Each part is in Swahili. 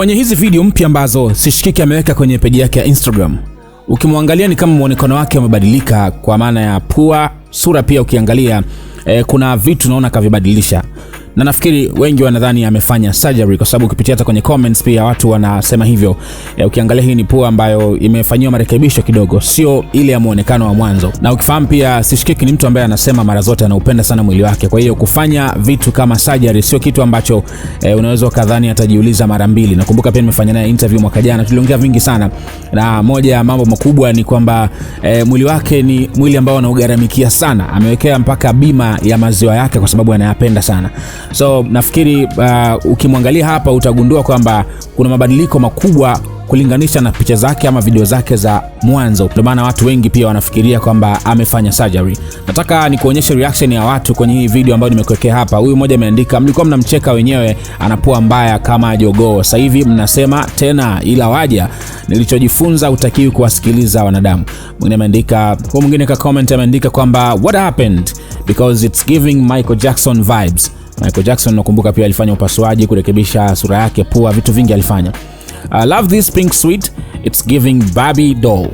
Kwenye hizi video mpya ambazo Sishikiki ameweka kwenye peji yake ya Instagram, ukimwangalia ni kama mwonekano wake umebadilika, kwa maana ya pua, sura pia ukiangalia eh, kuna vitu naona akavibadilisha na nafikiri wengi wanadhani amefanya surgery, kwa sababu ukipitia hata kwenye comments pia watu wanasema hivyo. E, ukiangalia hii ni pua ambayo imefanyiwa marekebisho kidogo, sio ile ya muonekano wa mwanzo. Na ukifahamu pia Sishikiki ni mtu ambaye anasema mara zote anaupenda sana mwili wake, kwa hiyo kufanya vitu kama surgery sio kitu ambacho e, unaweza ukadhani atajiuliza mara mbili. Nakumbuka pia nimefanya naye interview mwaka jana, tuliongea vingi sana, na moja ya mambo makubwa ni kwamba e, mwili wake ni mwili ambao anaugaramikia sana, amewekea mpaka bima ya maziwa yake kwa sababu anayapenda sana. So nafikiri uh, ukimwangalia hapa utagundua kwamba kuna mabadiliko makubwa kulinganisha na picha zake ama video zake za mwanzo. Ndio maana watu wengi pia wanafikiria kwamba amefanya surgery. Nataka nikuonyeshe reaction ya watu kwenye hii video ambayo nimekuwekea hapa. Huyu mmoja ameandika, mlikuwa mnamcheka wenyewe, anapua mbaya kama jogoo, sasa hivi mnasema tena, ila waja nilichojifunza utakiwi kuwasikiliza wanadamu. Mwingine ameandika, huyu mwingine ka comment ameandika kwamba what happened because it's giving Michael Jackson vibes Michael Jackson nakumbuka pia alifanya upasuaji kurekebisha sura yake, pua, vitu vingi alifanya. I uh, love this pink sweet, it's giving Barbie doll.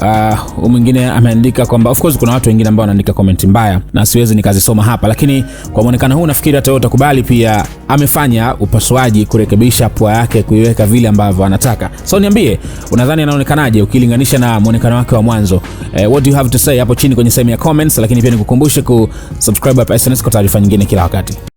Uh, mwingine ameandika kwamba of course kuna watu wengine ambao wanaandika comment mbaya na siwezi nikazisoma hapa, lakini kwa muonekano huu nafikiri hata wewe utakubali pia amefanya upasuaji kurekebisha pua yake kuiweka vile ambavyo anataka. So niambie, unadhani anaonekanaje ukilinganisha na muonekano wake wa mwanzo? Eh, what do you have to say hapo chini kwenye sehemu ya comments, lakini pia nikukumbushe kusubscribe hapa SnS kwa taarifa nyingine kila wakati.